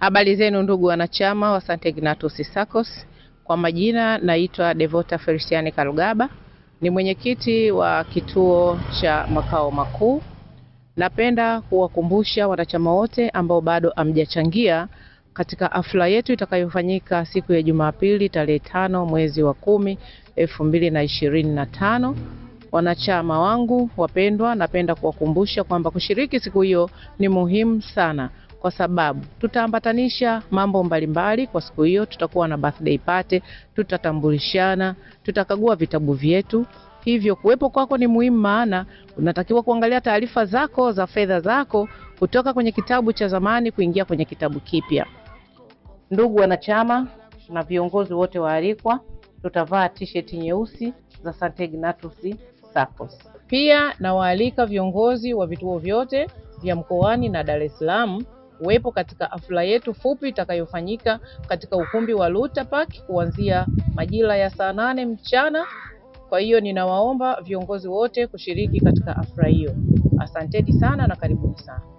Habari zenu ndugu wanachama wa St. Ignatius SACCOS. Kwa majina naitwa Devota Felisiani kalugaba ni mwenyekiti wa kituo cha makao makuu. Napenda kuwakumbusha wanachama wote ambao bado hamjachangia katika hafla yetu itakayofanyika siku ya Jumapili tarehe tano mwezi wa kumi elfu mbili na ishirini na tano. Wanachama wangu wapendwa, napenda kuwakumbusha kwamba kushiriki siku hiyo ni muhimu sana kwa sababu tutaambatanisha mambo mbalimbali kwa siku hiyo. Tutakuwa na birthday party, tutatambulishana, tutakagua vitabu vyetu. Hivyo kuwepo kwako ni muhimu, maana unatakiwa kuangalia taarifa zako za fedha zako kutoka kwenye kitabu cha zamani kuingia kwenye kitabu kipya. Ndugu wanachama na viongozi wote waalikwa, tutavaa t-shirt nyeusi za St. Ignatius SACCOS. Pia nawaalika viongozi wa vituo vyote vya mkoani na Dar es Salaam kuwepo katika hafla yetu fupi itakayofanyika katika ukumbi wa Luta Park kuanzia majira ya saa nane mchana. Kwa hiyo ninawaomba viongozi wote kushiriki katika hafla hiyo. Asanteni sana na karibuni sana.